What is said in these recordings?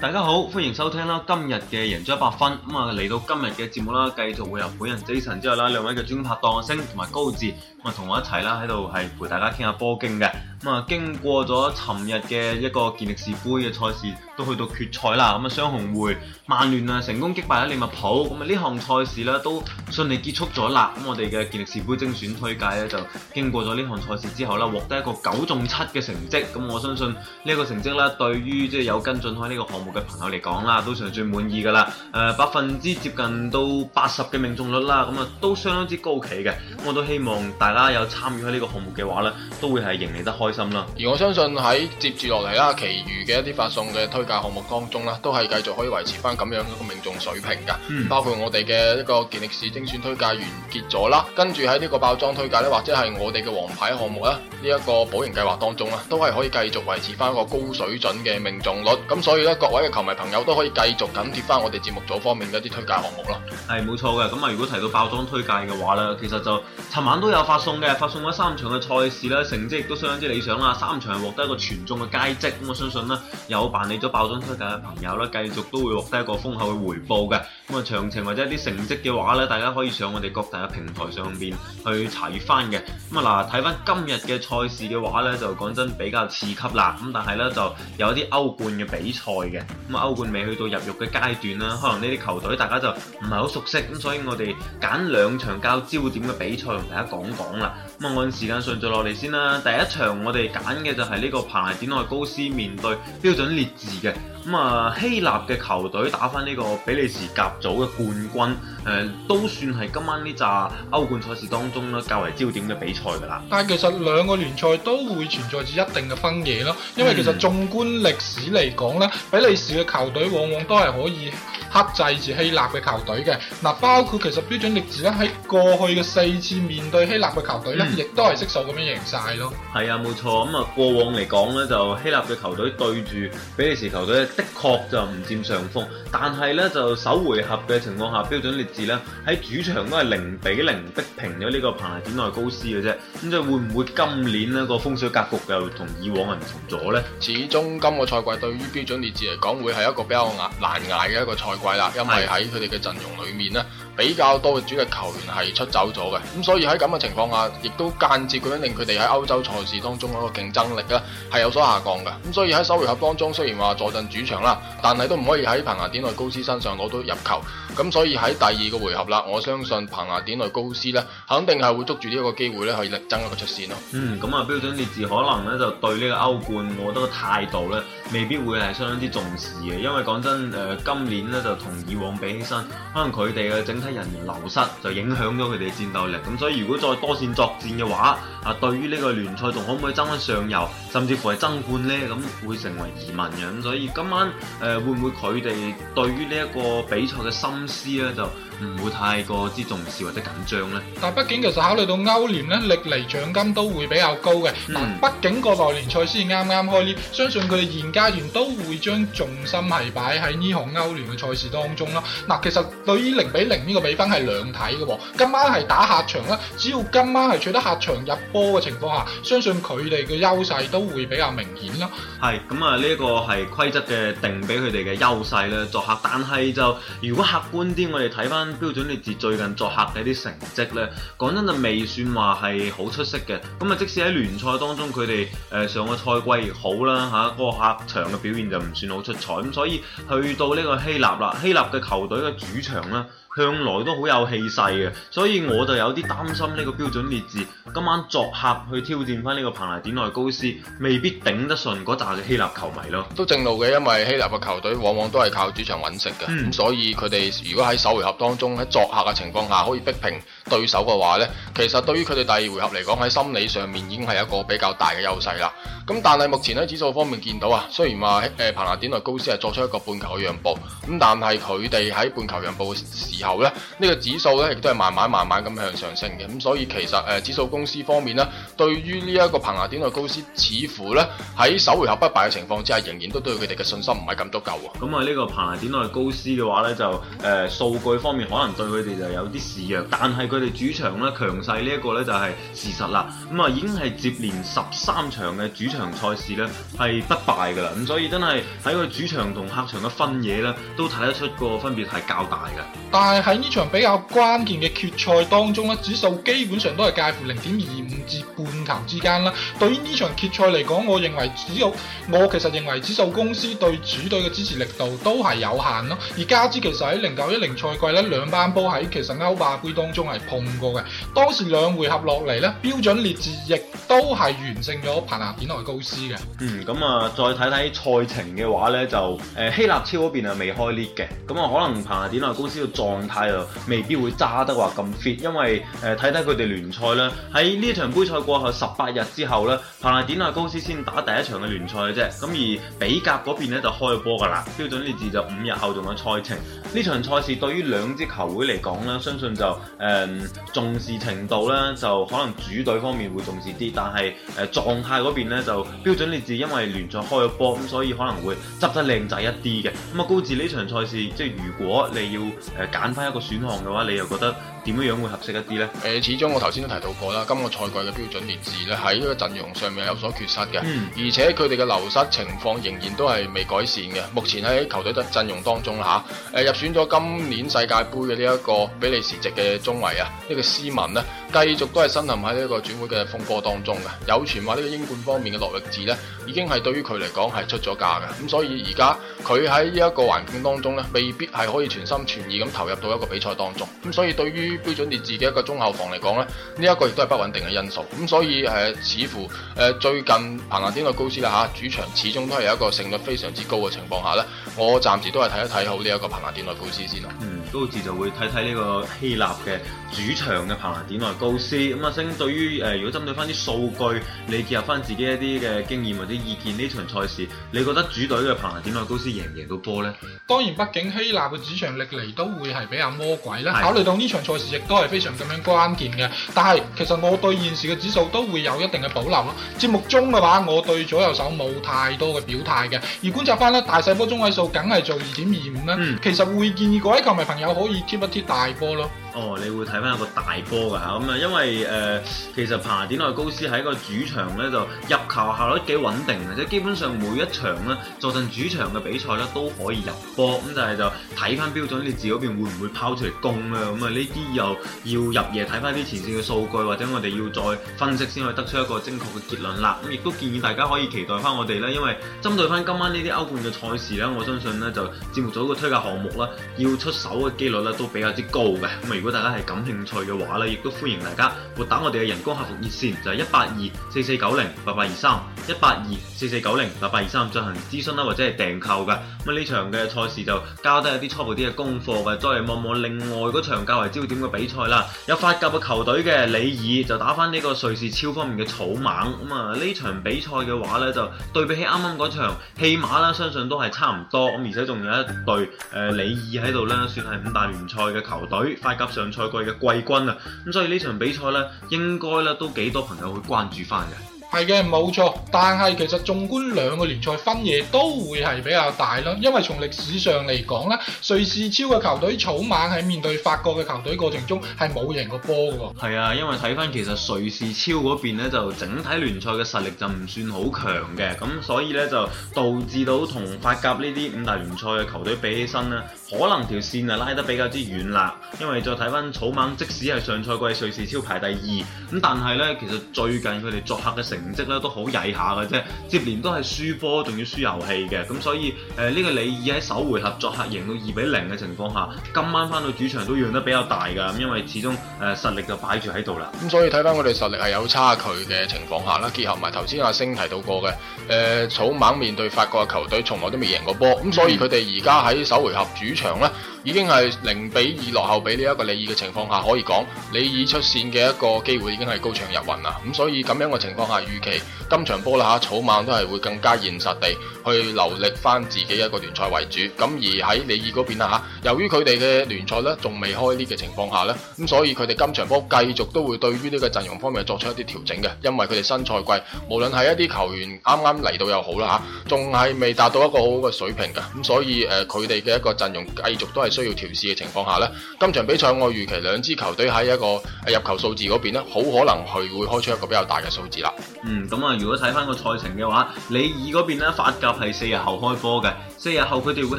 大家好，歡迎收聽啦，今日嘅贏足一百分咁啊，嚟到今日嘅節目啦，繼續會由本人 Jason 之外啦，兩位嘅專拍檔星同埋高志，我同我一齊啦，喺度係陪大家傾下波經嘅咁啊，經過咗尋日嘅一個健力士杯嘅賽事。都去到決賽啦，咁啊雙紅會、曼聯啊成功擊敗咗利物浦，咁啊呢項賽事咧都順利結束咗啦。咁我哋嘅健力士杯精選推介咧，就經過咗呢項賽事之後咧，獲得一個九中七嘅成績。咁我相信呢一個成績咧，對於即係有跟進開呢個項目嘅朋友嚟講啦，都尚算滿意噶啦。誒、呃，百分之接近到八十嘅命中率啦，咁啊都相當之高企嘅。我都希望大家有參與喺呢個項目嘅話咧，都會係贏嚟得開心啦。而我相信喺接住落嚟啦，其餘嘅一啲發送嘅推嘅項目當中啦，都係繼續可以維持翻咁樣的一個命中水平噶，嗯、包括我哋嘅一個健力士精選推介完結咗啦，跟住喺呢個爆莊推介咧，或者係我哋嘅王牌項目啦，呢、這、一個保營計劃當中啦，都係可以繼續維持翻一個高水準嘅命中率。咁所以咧，各位嘅球迷朋友都可以繼續緊貼翻我哋節目組方面嘅一啲推介項目咯。係冇錯嘅。咁啊，如果提到爆莊推介嘅話咧，其實就尋晚都有發送嘅，發送咗三場嘅賽事啦，成績亦都相當之理想啦，三場獲得一個全中嘅佳績。咁我相信咧，有辦理咗爆莊推介嘅朋友啦，繼續都會獲得一個豐厚嘅回報嘅。咁啊，詳情或者一啲成績嘅話咧，大家可以上我哋各大嘅平台上邊去查翻嘅。咁啊，嗱，睇翻今日嘅賽事嘅話咧，就講真比較刺激啦。咁但係咧，就有一啲歐冠嘅比賽嘅。咁啊，歐冠未去到入獄嘅階段啦，可能呢啲球隊大家就唔係好熟悉。咁所以，我哋揀兩場較焦點嘅比賽同大家講講啦。咁按時間順序落嚟先啦，第一場我哋揀嘅就係呢個彭尼典愛高斯面對標準列治嘅。咁啊，希臘嘅球隊打返呢個比利時甲組嘅冠軍誒、呃、都算係今晚呢紮歐冠賽事當中咧較為焦點嘅比賽噶啦。但係其實兩個聯賽都會存在住一定嘅分野咯，因為其實縱觀歷史嚟講咧，嗯、比利時嘅球隊往往都係可以克制住希臘嘅球隊嘅。嗱，包括其實標準歷史咧喺過去嘅四次面對希臘嘅球隊咧，嗯、亦都係悉數咁樣贏晒咯。係啊，冇錯，咁、嗯、啊，過往嚟講咧，就希臘嘅球隊對住比利時球隊，的確就唔佔上風，但係呢，就首回合嘅情況下，標準列治呢，喺主場都係零比零逼平咗呢個彭拿典奈高斯嘅啫。咁即係會唔會今年呢個風水格局又同以往係唔同咗呢？始終今個賽季對於標準列治嚟講，會係一個比較難難捱嘅一個賽季啦，因為喺佢哋嘅陣容裡面呢。比較多嘅主力球員係出走咗嘅，咁所以喺咁嘅情況下，亦都間接咁樣令佢哋喺歐洲賽事當中個競爭力咧係有所下降嘅。咁所以喺首回合當中，雖然話坐鎮主場啦，但係都唔可以喺彭牙典內高斯身上攞到入球。咁所以喺第二個回合啦，我相信彭牙典內高斯咧，肯定係會捉住機會、呢一個機會咧去力爭一個出線咯。嗯，咁啊，標準列治可能咧就對這個歐呢個歐冠，我覺得態度咧未必會係相當之重視嘅，因為講真，誒、呃，今年咧就同以往比起身，可能佢哋嘅整人流失就影響咗佢哋嘅戰鬥力，咁所以如果再多線作戰嘅話。啊，對於呢個聯賽仲可唔可以爭翻上游，甚至乎係爭冠呢，咁會成為疑問嘅。咁所以今晚誒、呃、會唔會佢哋對於呢一個比賽嘅心思咧，就唔會太過之重視或者緊張呢？但係畢竟其實考慮到歐聯呢，歷嚟獎金都會比較高嘅。嗱、嗯，畢竟國內聯賽先啱啱開始，相信佢哋現階段都會將重心係擺喺呢項歐聯嘅賽事當中啦。嗱，其實對於零比零呢個比分係兩睇嘅喎，今晚係打客場啦，只要今晚係取得客場入波嘅情況下，相信佢哋嘅優勢都會比較明顯咯。係咁啊，呢一個係規則嘅定俾佢哋嘅優勢咧，作客。但係就如果客觀啲，我哋睇翻標準列治最近作客嘅啲成績呢，講真就未算話係好出色嘅。咁啊，即使喺聯賽當中，佢哋誒上個賽季好啦吓，個客場嘅表現就唔算好出彩。咁所以去到呢個希臘啦，希臘嘅球隊嘅主場啦。向來都好有氣勢嘅，所以我就有啲擔心呢個標準列治今晚作客去挑戰返呢個彭尼典內高斯，未必頂得順嗰扎嘅希臘球迷咯。都正路嘅，因為希臘嘅球隊往往都係靠主場揾食嘅，嗯、所以佢哋如果喺首回合當中喺作客嘅情況下可以逼平。對手嘅話呢，其實對於佢哋第二回合嚟講，喺心理上面已經係一個比較大嘅優勢啦。咁但係目前喺指數方面見到啊，雖然話誒彭拿典內高斯係作出一個半球嘅讓步，咁但係佢哋喺半球讓步嘅時候呢，呢個指數呢亦都係慢慢慢慢咁向上升嘅。咁所以其實誒指數公司方面呢，對於呢一個彭拿典內高斯似乎呢喺首回合不敗嘅情況之下，仍然都對佢哋嘅信心唔係咁足夠啊。咁啊呢個彭拿典內高斯嘅話呢，就誒數、呃、數據方面可能對佢哋就有啲示弱，但係。佢哋主場咧強勢呢一個咧就係事實啦，咁啊已經係接連十三場嘅主場賽事咧係不敗噶啦，咁所以真係喺佢主場同客場嘅分野咧都睇得出個分別係較大嘅。但係喺呢場比較關鍵嘅決賽當中咧，指數基本上都係介乎零點二五至半。之間啦，對於呢場決賽嚟講，我認為只有我其實認為指數公司對主隊嘅支持力度都係有限咯。而加之其實喺零九一零賽季咧，兩班波喺其實歐霸杯當中係碰過嘅。當時兩回合落嚟咧，標準列治亦都係完成咗彭拿典萊高斯嘅。嗯，咁啊，再睇睇賽程嘅話咧，就誒希臘超嗰邊啊未開列嘅，咁啊可能彭拿典萊高斯嘅狀態就未必會揸得話咁 fit，因為誒睇睇佢哋聯賽啦，喺、呃、呢一場杯賽過後。十八日之後咧，帕拉典阿高斯先打第一場嘅聯賽嘅啫。咁而比甲嗰邊咧就開咗波㗎啦。標準列治就五日後仲有賽程。呢場賽事對於兩支球會嚟講咧，相信就誒、呃、重視程度咧，就可能主隊方面會重視啲。但係誒、呃、狀態嗰邊咧，就標準列治因為聯賽開咗波，咁所以可能會執得靚仔一啲嘅。咁啊，高志呢場賽事，即、就、係、是、如果你要誒揀返一個選項嘅話，你又覺得點樣樣會合適一啲呢？誒，始終我頭先都提到過啦，今個賽季嘅標準列治咧，喺呢個陣容上面有所缺失嘅。嗯，而且佢哋嘅流失情況仍然都係未改善嘅。目前喺球隊嘅陣容當中吓，誒、啊、入選咗今年世界杯嘅呢一個比利時籍嘅中衛啊，呢個斯文呢，繼續都係身陷喺呢一個轉會嘅風波當中嘅，有傳話呢個英冠方面嘅諾域治咧，已經係對於佢嚟講係出咗價嘅，咁所以而家佢喺呢一個環境當中咧，未必係可以全心全意咁投入到一個比賽當中，咁所以對於標準列治嘅一個中後防嚟講咧，呢一個亦都係不穩定嘅因素，咁所以誒，似乎誒最近彭拿典奈高斯啦吓，主場始終都係有一個勝率非常之高嘅情況下咧，我暫時都係睇一睇好呢一個彭拿典奈高斯先啦。嗯嗰個字就會睇睇呢個希臘嘅主場嘅彭拿典拿高斯。咁阿星對於誒、呃，如果針對翻啲數據，你結合翻自己一啲嘅經驗或者意見，呢場賽事你覺得主隊嘅彭拿典拿高斯贏唔贏到波呢？當然，畢竟希臘嘅主場歷嚟都會係比較魔鬼啦。的考慮到呢場賽事亦都係非常咁樣關鍵嘅，但係其實我對現時嘅指數都會有一定嘅保留咯。節目中嘅話，我對左右手冇太多嘅表態嘅，而觀察翻咧，大細波中位數梗係做二點二五啦。嗯、其實會建議各位球迷朋有可以貼一啲大波咯。哦，你會睇翻一個大波噶嚇咁啊，因為誒、呃，其實爬點內高斯喺個主場咧就入球效率幾穩定嘅，即基本上每一場咧坐陣主場嘅比賽咧都可以入波，咁、嗯、就係、是、就睇翻標準，你自己邊會唔會拋出嚟攻咧？咁、嗯、啊，呢啲又要入夜睇翻啲前線嘅數據，或者我哋要再分析先可以得出一個正確嘅結論啦。咁、嗯、亦都建議大家可以期待翻我哋咧，因為針對翻今晚呢啲歐冠嘅賽事咧，我相信咧就節目組個推介項目啦，要出手嘅幾率咧都比較之高嘅。嗯如果大家係感興趣嘅話咧，亦都歡迎大家撥打我哋嘅人工客服熱線，就係一八二四四九零八八二三一八二四四九零八八二三進行諮詢啦，或者係訂購噶。咁啊呢場嘅賽事就交低一啲初步啲嘅功課，同埋再望望另外嗰場較為焦點嘅比賽啦。有法甲嘅球隊嘅里爾就打翻呢個瑞士超方面嘅草蜢。咁啊呢場比賽嘅話咧，就對比起啱啱嗰場戲碼啦，相信都係差唔多。咁而且仲有一隊誒、呃、里爾喺度啦，算係五大聯賽嘅球隊法甲。上賽季嘅季軍啊，咁所以呢場比賽咧，應該咧都幾多朋友去關注翻嘅。係嘅，冇錯。但係其實縱觀兩個聯賽分野都會係比較大咯，因為從歷史上嚟講咧，瑞士超嘅球隊草蜢喺面對法國嘅球隊過程中係冇贏過波嘅喎。係啊，因為睇翻其實瑞士超嗰邊咧就整體聯賽嘅實力就唔算好強嘅，咁所以咧就導致到同法甲呢啲五大聯賽嘅球隊比起身咧，可能條線啊拉得比較之遠啦。因為再睇翻草蜢，即使係上賽季瑞士超排第二，咁但係咧其實最近佢哋作客嘅成成績咧都好曳下嘅啫，接連都係輸波，仲要輸遊戲嘅，咁所以誒呢、呃這個李爾喺首回合作客贏到二比零嘅情況下，今晚翻到主場都讓得比較大噶，咁因為始終誒、呃、實力就擺住喺度啦，咁、嗯、所以睇翻我哋實力係有差距嘅情況下啦，結合埋頭先阿星提到過嘅，誒、呃、草蜢面對法國嘅球隊，從來都未贏過波，咁、嗯、所以佢哋而家喺首回合主場咧。已經係零比二落後俾呢一個利爾嘅情況下，可以講利爾出線嘅一個機會已經係高唱入雲啦。咁、嗯、所以咁樣嘅情況下，預期今場波啦嚇，草蜢都係會更加現實地去留力返自己一個聯賽為主。咁、嗯、而喺利爾嗰邊啦嚇，由於佢哋嘅聯賽咧仲未開呢嘅情況下咧，咁、嗯、所以佢哋今場波繼續都會對於呢個陣容方面作出一啲調整嘅，因為佢哋新賽季無論係一啲球員啱啱嚟到又好啦嚇，仲係未達到一個好好嘅水平嘅。咁、嗯、所以佢哋嘅一個陣容繼續都係，需要調試嘅情況下呢，今場比賽我預期兩支球隊喺一個入球數字嗰邊呢，好可能係會開出一個比較大嘅數字啦。嗯，咁啊，如果睇翻個賽程嘅話，里爾嗰邊呢，法甲係四日後開波嘅，四日後佢哋會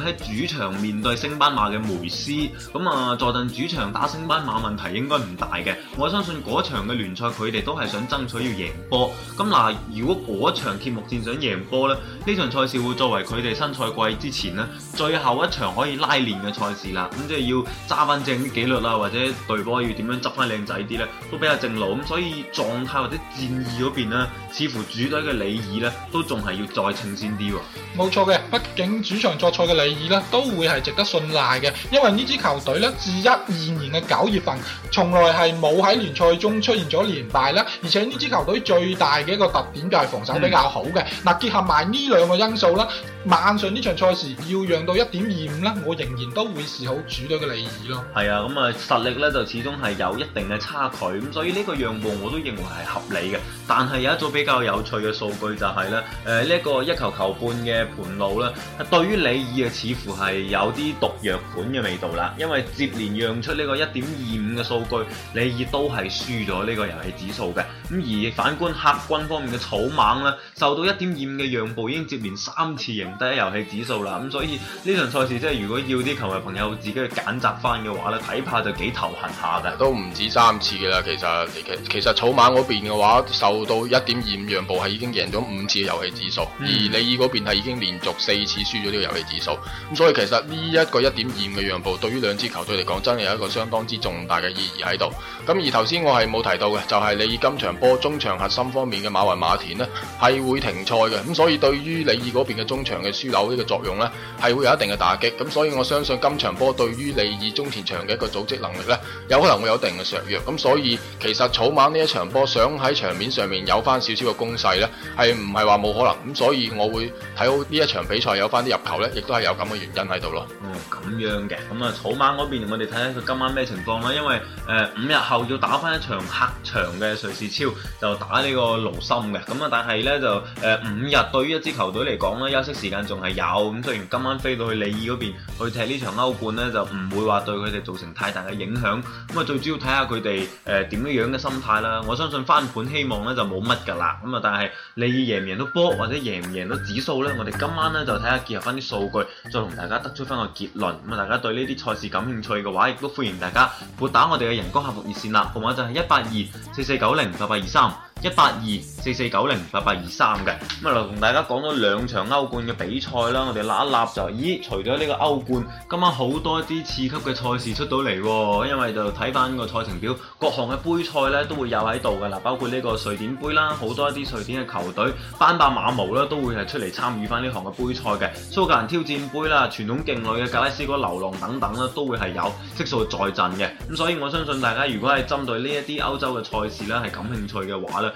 喺主場面對升班馬嘅梅斯。咁啊，坐陣主場打升班馬問題應該唔大嘅。我相信嗰場嘅聯賽佢哋都係想爭取要贏波。咁嗱，如果嗰場揭幕戰想贏波呢，呢場賽事會作為佢哋新賽季之前呢，最後一場可以拉練嘅賽事。啦，咁即係要揸翻正啲紀律啦，或者隊波要點樣執翻靚仔啲咧，都比較正路咁，所以狀態或者戰意嗰邊咧，似乎主隊嘅里爾咧都仲係要再稱先啲喎。冇錯嘅，畢竟主場作賽嘅里爾咧，都會係值得信賴嘅，因為呢支球隊咧自一二年嘅九月份，從來係冇喺聯賽中出現咗連敗啦，而且呢支球隊最大嘅一個特點就係防守比較好嘅，嗱、嗯、結合埋呢兩個因素啦。晚上呢場賽事要讓到一點二五咧，我仍然都會睇好主隊嘅理二咯。係啊，咁啊實力咧就始終係有一定嘅差距，咁所以呢個讓步我都認為係合理嘅。但係有一組比較有趣嘅數據就係、是、咧，誒呢一個一球球半嘅盤路咧，對於李爾啊似乎係有啲毒藥盤嘅味道啦。因為接連讓出呢個一點二五嘅數據，李爾都係輸咗呢個遊戲指數嘅。咁而反觀客軍方面嘅草蜢咧，受到一點二五嘅讓步已經接連三次贏第一遊戲指數啦，咁所以呢場賽事，即係如果要啲球迷朋友自己去揀擇翻嘅話咧，睇怕就幾頭痕下嘅。都唔止三次嘅啦，其實其實草蜢嗰邊嘅話，受到一點二五讓步係已經贏咗五次嘅遊戲指數，而李爾嗰邊係已經連續四次輸咗呢個遊戲指數，咁、嗯、所以其實呢一個一點二五嘅讓步，對於兩支球隊嚟講，真係有一個相當之重大嘅意義喺度。咁而頭先我係冇提到嘅，就係李爾今場波中場核心方面嘅馬雲馬田咧，係會停賽嘅。咁所以對於李爾嗰邊嘅中場。嘅樞紐呢個作用呢係會有一定嘅打擊。咁所以我相信今場波對於利爾中前場嘅一個組織能力呢，有可能會有一定嘅削弱。咁所以其實草蜢呢一場波想喺場面上面有翻少少嘅攻勢呢，係唔係話冇可能。咁所以我會睇好呢一場比賽有翻啲入球呢，亦都係有咁嘅原因喺度咯。咁、嗯、樣嘅。咁、嗯、啊，草蜢嗰邊我哋睇下佢今晚咩情況啦。因為誒、呃、五日後要打翻一場客場嘅瑞士超，就打呢個盧森嘅。咁啊，但係呢，就誒、呃、五日對於一支球隊嚟講咧，休息時。時間仲係有，咁雖然今晚飛到去利爾嗰邊去踢呢場歐冠呢，就唔會話對佢哋造成太大嘅影響。咁啊，最主要睇下佢哋誒點樣樣嘅心態啦。我相信翻盤希望呢就冇乜噶啦。咁啊，但係利爾贏唔贏到波或者贏唔贏到指數呢，我哋今晚呢就睇下結合翻啲數據，再同大家得出翻個結論。咁啊，大家對呢啲賽事感興趣嘅話，亦都歡迎大家撥打我哋嘅人工客服熱線啦，號碼就係一八二四四九零八八二三一八二。四四九零八八二三，嘅咁啊，同、嗯、大家講咗兩場歐冠嘅比賽啦，我哋立一立就咦？除咗呢個歐冠，今晚好多啲次級嘅賽事出到嚟喎，因為就睇翻個賽程表，各項嘅杯賽呢，都會有喺度㗎啦，包括呢個瑞典杯啦，好多一啲瑞典嘅球隊，班霸馬毛啦都會係出嚟參與翻呢項嘅杯賽嘅，蘇格蘭挑戰杯啦，傳統勁旅嘅格拉斯哥流浪等等啦，都會係有悉數在陣嘅，咁所以我相信大家如果係針對呢一啲歐洲嘅賽事呢，係感興趣嘅話呢。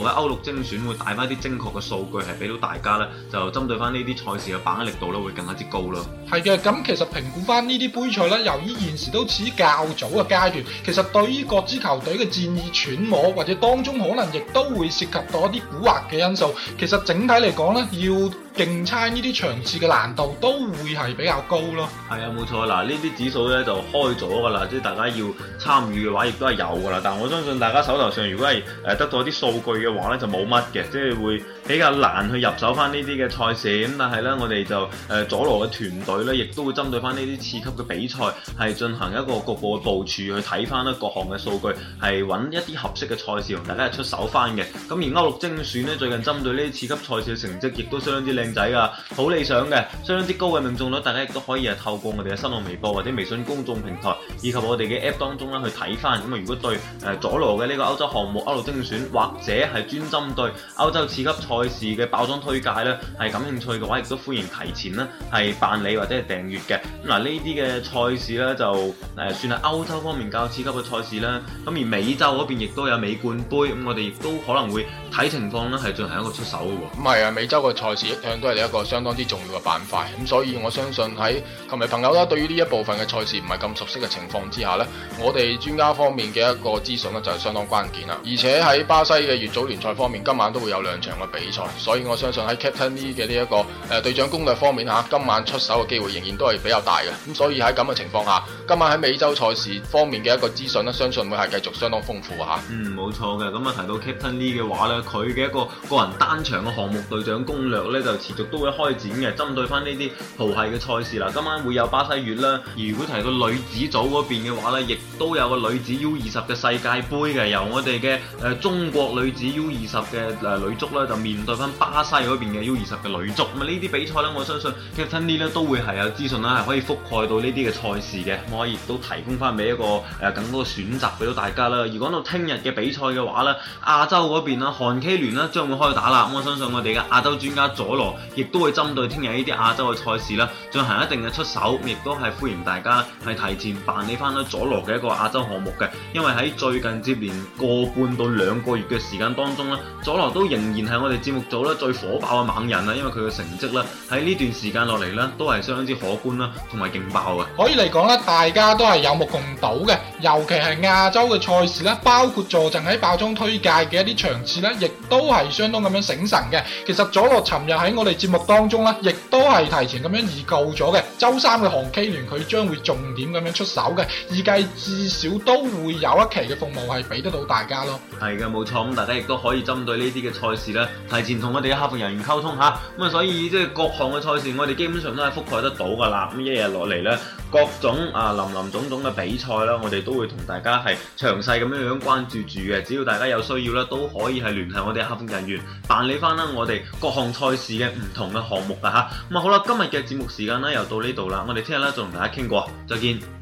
喺歐陸精選會帶翻啲精確嘅數據，係俾到大家咧，就針對翻呢啲賽事嘅把握力度咧，會更加之高咯。係嘅，咁其實評估翻呢啲杯賽咧，由於現時都處於較早嘅階段，其實對於各支球隊嘅戰意揣摩，或者當中可能亦都會涉及到一啲蠱惑嘅因素。其實整體嚟講咧，要。競猜呢啲場次嘅難度都會係比較高咯，係啊，冇錯。嗱，呢啲指數咧就開咗噶啦，即係大家要參與嘅話，亦都係有噶啦。但我相信大家手頭上如果係誒得到一啲數據嘅話咧，就冇乜嘅，即係會比較難去入手翻呢啲嘅賽事咁。但係咧，我哋就誒佐羅嘅團隊咧，亦都會針對翻呢啲次級嘅比賽係進行一個局部嘅部署去睇翻啦，各項嘅數據係揾一啲合適嘅賽事同大家出手翻嘅。咁而歐陸精選咧，最近針對呢啲次級賽事嘅成績，亦都相當之靚。仔噶好理想嘅，相當之高嘅命中率，大家亦都可以啊透過我哋嘅新浪微博或者微信公眾平台以及我哋嘅 App 當中啦去睇翻。咁啊，如果對誒佐羅嘅呢個歐洲項目歐陸精選，或者係專針對歐洲次級賽事嘅包裝推介咧，係感興趣嘅話，亦都歡迎提前啦係辦理或者係訂閲嘅。咁嗱，呢啲嘅賽事咧就誒算係歐洲方面較次級嘅賽事啦。咁而美洲嗰邊亦都有美冠杯，咁我哋亦都可能會睇情況呢係進行一個出手喎。唔係啊，美洲嘅賽事都係一個相當之重要嘅板塊，咁所以我相信喺琴日朋友啦，對於呢一部分嘅賽事唔係咁熟悉嘅情況之下呢，我哋專家方面嘅一個資訊呢，就係相當關鍵啦。而且喺巴西嘅乙組聯賽方面，今晚都會有兩場嘅比賽，所以我相信喺 Captain Lee 嘅呢一個誒隊長攻略方面嚇，今晚出手嘅機會仍然都係比較大嘅。咁所以喺咁嘅情況下，今晚喺美洲賽事方面嘅一個資訊呢，相信會係繼續相當豐富嚇。嗯，冇錯嘅。咁啊提到 Captain Lee 嘅話呢，佢嘅一個個人單場嘅項目隊長攻略呢，就係。持續都會開展嘅，針對翻呢啲豪系嘅賽事啦。今晚會有巴西月啦。如果提到女子組嗰邊嘅話呢，亦都有個女子 U 二十嘅世界盃嘅，由我哋嘅中國女子 U 二十嘅女足啦就面對翻巴西嗰邊嘅 U 二十嘅女足。咁呢啲比賽呢，我相信 Captain 都會係有資訊啦，係可以覆蓋到呢啲嘅賽事嘅，我亦都提供翻俾一個誒更多選擇俾到大家啦。如果到聽日嘅比賽嘅話呢，亞洲嗰邊啦，韓 K 聯呢將會開打啦。咁我相信我哋嘅亞洲專家佐羅。亦都會針對聽日呢啲亞洲嘅賽事啦，進行一定嘅出手，亦都係歡迎大家係提前辦理翻啦佐羅嘅一個亞洲項目嘅，因為喺最近接連過半到兩個月嘅時間當中啦，佐羅都仍然係我哋節目組咧最火爆嘅猛人啊，因為佢嘅成績咧喺呢段時間落嚟咧都係相當之可觀啦，同埋勁爆嘅。可以嚟講咧，大家都係有目共睹嘅，尤其係亞洲嘅賽事啦，包括坐陣喺爆莊推介嘅一啲場次咧，亦都係相當咁樣醒神嘅。其實佐羅尋日喺我。我哋節目當中咧，亦都係提前咁樣預告咗嘅。周三嘅韓 K 聯佢將會重點咁樣出手嘅，預計至少都會有一期嘅服務係俾得到大家咯。係嘅，冇錯。咁大家亦都可以針對呢啲嘅賽事咧，提前同我哋嘅客服人員溝通嚇。咁啊，所以即係、就是、各項嘅賽事，我哋基本上都係覆蓋得到㗎啦。咁一日落嚟咧，各種啊林林總總嘅比賽啦，我哋都會同大家係詳細咁樣樣關注住嘅。只要大家有需要咧，都可以係聯繫我哋客服人員辦理翻啦。我哋各項賽事嘅。唔同嘅項目嘅嚇，咁啊、嗯、好啦，今日嘅節目時間咧又到呢度啦，我哋聽日咧再同大家傾過，再見。